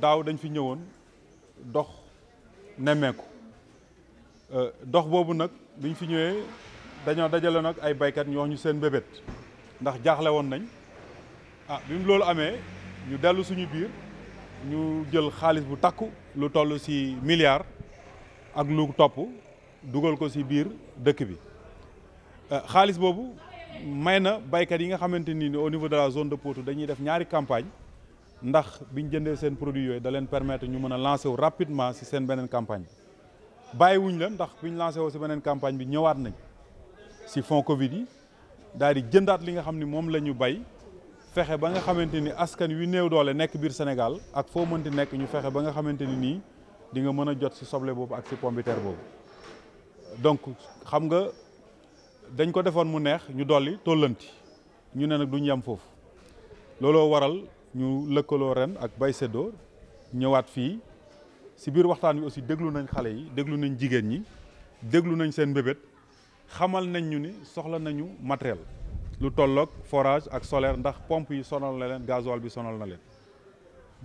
daaw dañ fi ñëwoon dox nemmeeku euh, dox boobu nag biñ fi ñëwee dañoo dajale nag ay baykat ñoo ñu seen bébét ndax jaaxle woon nañ a ah, bi mu loolu amee ñu dellu suñu biir ñu jël xaalis bu takku lu toll si milliard ak lu topp dugal ko si biir dëkk bi euh, xaalis boobu may na baykat yi nga xamante ni au niveau de la zone de Potou dañuy def ñaari campagne ndax bi jëndé jëndee seen produit yoy da leen permettre ñu mëna lancer rapidement ci seen benen campagne bàyyiwuñ la ndax bi lancer woo si beneen campagne bi ñëwaat nañ ci fond Covid yi daal di jëndaat li nga xamni mom lañu bay fexé ba nga xamanteni askan wi néew doole nek biir Sénégal ak fo mënti nek ñu fexé ba nga xamanteni ni di nga mëna jot ci soble bobu ak ci pomme bobu donc xam nga dañ ko defoon mu neex ñu dolli tollanti ñu ne nak duñ yam fofu lolo waral. ñu lëkkaloo ren ak Bay Seddo ñëwaat fii si biir waxtaan wi aussi déglu nañ xale yi déglu nañ jigéen ñi déglu nañ seen mbébét xamal nañ ñu ni soxla nañu matériel lu tolloog forage ak solaire ndax pompe yi sonal na leen gasoil bi sonal na leen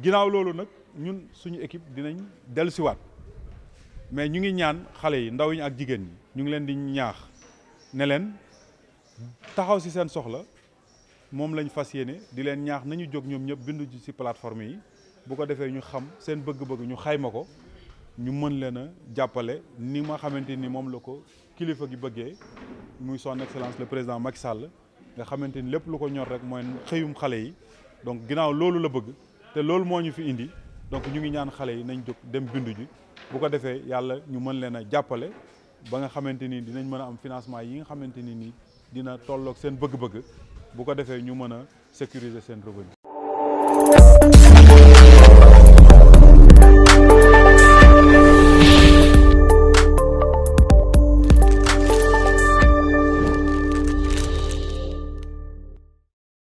ginnaaw loolu nag ñun suñu équipe dinañ dellusiwaat mais ñu ngi ñaan xale yi ndaw yi ak jigéen ñi ñu ngi leen di ñaax ne leen taxaw si seen soxla moom lañ fas yéene di leen ñaax nañu jóg ñoom ñëpp bindu ci si plateforme yi bu ko defee ñu xam seen bëgg-bëgg ñu xayma ko ñu mën leen a jàppale ni ma xamante ni moom la ko kilifa gi bëggee muy son excellence le président Macky Sall nga xamante ni lépp lu ko ñor rek mooy xëyum xale yi donc ginnaaw loolu la bëgg te loolu moo ñu fi indi donc ñu ngi ñaan xale yi nañ jóg dem bindu ji bu ko defee yàlla ñu mën leen a jàppale ba nga xamante ni dinañ mën a am financement yi nga xamante ni nii dina tollook seen bëgg-bëgg bu ko defee ñu mën a sécuriser seen